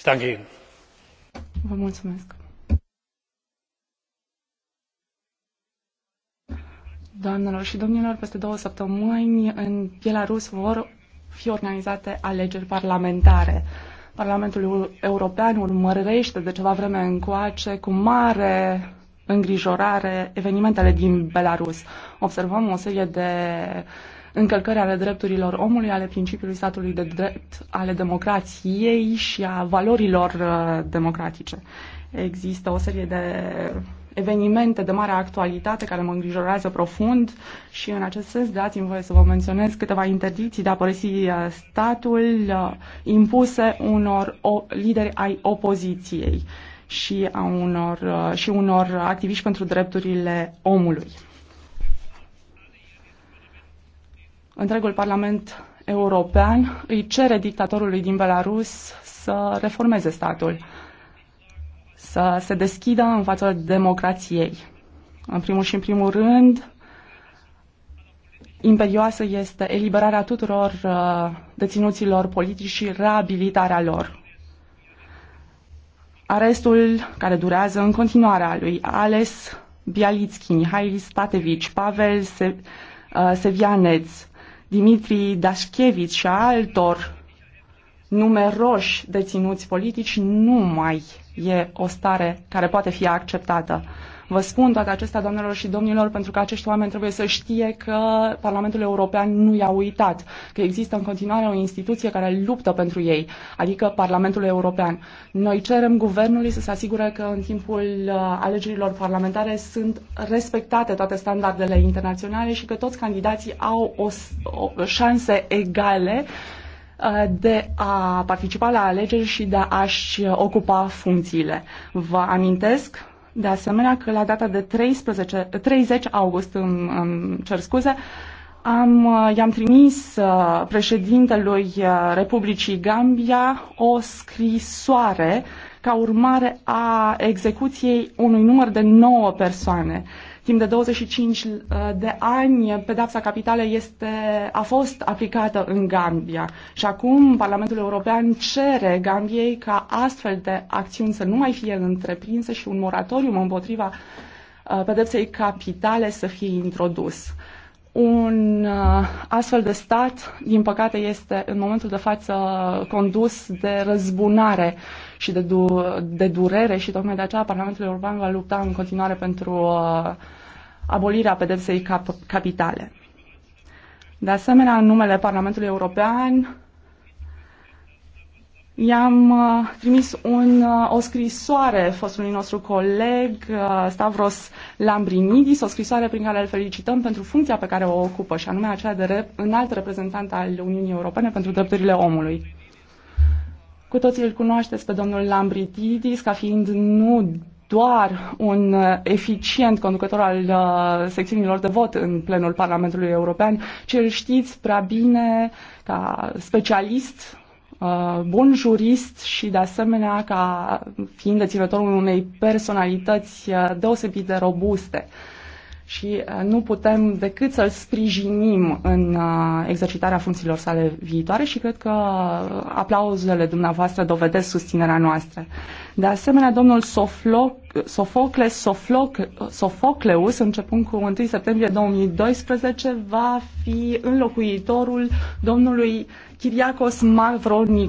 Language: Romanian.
Ich danke Ihnen. Vă mulțumesc. Doamnelor și domnilor, peste două săptămâni în Belarus vor fi organizate alegeri parlamentare. Parlamentul European urmărește de ceva vreme încoace cu mare îngrijorare evenimentele din Belarus. Observăm o serie de uh, încălcări ale drepturilor omului, ale principiului statului de drept, ale democrației și a valorilor uh, democratice. Există o serie de evenimente de mare actualitate care mă îngrijorează profund și în acest sens dați-mi voie să vă menționez câteva interdicții de a părăsi uh, statul uh, impuse unor lideri ai opoziției și, a unor, și unor activiști pentru drepturile omului. întregul Parlament European îi cere dictatorului din Belarus să reformeze statul, să se deschidă în fața democrației. În primul și în primul rând, imperioasă este eliberarea tuturor uh, deținuților politici și reabilitarea lor. Arestul care durează în continuare a lui Ales Bialitski, Mihail Statevici, Pavel Se- uh, Sevianeț, Dimitri Dașchevici și a altor numeroși deținuți politici nu mai e o stare care poate fi acceptată. Vă spun toate acestea, doamnelor și domnilor, pentru că acești oameni trebuie să știe că Parlamentul European nu i-a uitat, că există în continuare o instituție care luptă pentru ei, adică Parlamentul European. Noi cerem guvernului să se asigure că în timpul uh, alegerilor parlamentare sunt respectate toate standardele internaționale și că toți candidații au o, o șanse egale uh, de a participa la alegeri și de a-și ocupa funcțiile. Vă amintesc de asemenea că la data de 13, 30 august, îmi, îmi cer scuze, am, i-am trimis uh, președintelui uh, Republicii Gambia o scrisoare ca urmare a execuției unui număr de 9 persoane. Timp de 25 uh, de ani, pedapsa capitală este, a fost aplicată în Gambia și acum Parlamentul European cere Gambiei ca astfel de acțiuni să nu mai fie întreprinse și un moratorium împotriva uh, pedepsei capitale să fie introdus. Un uh, astfel de stat, din păcate, este în momentul de față condus de răzbunare și de, du- de durere și tocmai de aceea Parlamentul European va lupta în continuare pentru uh, abolirea pedepsei cap- capitale. De asemenea, în numele Parlamentului European, i-am uh, trimis un, uh, o scrisoare fostului nostru coleg uh, Stavros Lambrinidis, o scrisoare prin care îl felicităm pentru funcția pe care o ocupă, și anume aceea de rep- înalt reprezentant al Uniunii Europene pentru drepturile omului. Cu toții îl cunoașteți pe domnul Lambritidis ca fiind nu doar un uh, eficient conducător al uh, secțiunilor de vot în plenul Parlamentului European, ci îl știți prea bine ca specialist, uh, bun jurist și de asemenea ca fiind deținătorul unei personalități deosebit de robuste și uh, nu putem decât să-l sprijinim în uh, exercitarea funcțiilor sale viitoare și cred că uh, aplauzele dumneavoastră dovedesc susținerea noastră. De asemenea, domnul Sofloc, Sofocle, Sofloc, Sofocleus, începând cu 1 septembrie 2012, va fi înlocuitorul domnului Chiriacos Mavronicos